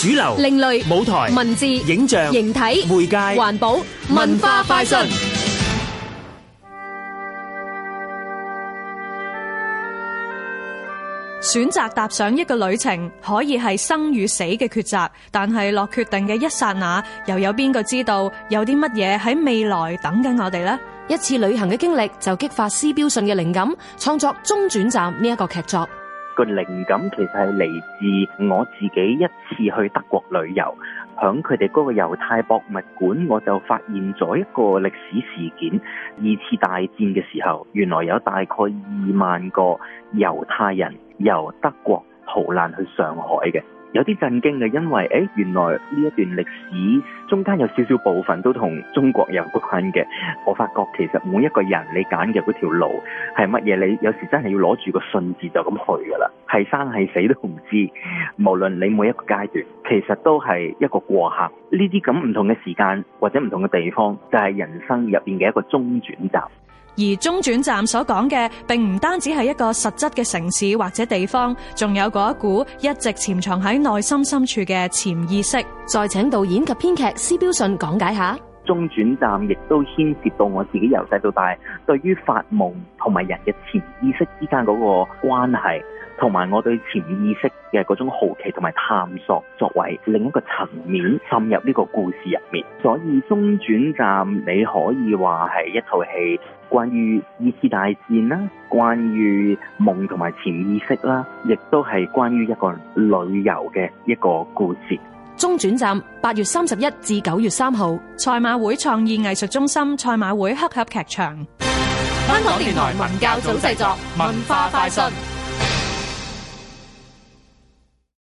主流、另類舞台、文字、影像、形體、媒介、環保、文化、快訊。選擇踏上一個旅程，可以係生與死嘅抉擇，但係落決定嘅一剎那，又有邊個知道有啲乜嘢喺未來等緊我哋咧？一次旅行嘅經歷就激發施標信嘅靈感，創作《中轉站》呢、這、一個劇作。個靈感其實係嚟自我自己一次去德國旅遊，響佢哋嗰個猶太博物館，我就發現咗一個歷史事件。二次大戰嘅時候，原來有大概二萬個猶太人由德國逃難去上海嘅。有啲震驚嘅，因為誒，原來呢一段歷史中間有少少部分都同中國有關嘅。我發覺其實每一個人你揀嘅嗰條路係乜嘢，你有時真係要攞住個信字就咁去㗎啦。係生係死都唔知，無論你每一個階段，其實都係一個過客。呢啲咁唔同嘅時間或者唔同嘅地方，就係人生入邊嘅一個中轉站。而中轉站所講嘅，並唔單止係一個實質嘅城市或者地方，仲有嗰一股一直潛藏喺內心深處嘅潛意識。再請導演及編劇施標信講解下，中轉站亦都牽涉到我自己由細到大對於發夢同埋人嘅潛意識之間嗰個關係。同埋我對潛意識嘅嗰種好奇同埋探索，作為另一個層面滲入呢個故事入面。所以中轉站你可以話係一套戲，關於二次大戰啦，關於夢同埋潛意識啦，亦都係關於一個旅遊嘅一個故事。中轉站八月三十一至九月三號，賽馬會創意藝術中心，賽馬會黑盒劇，劇場。香港電台文教組製作，文化快訊。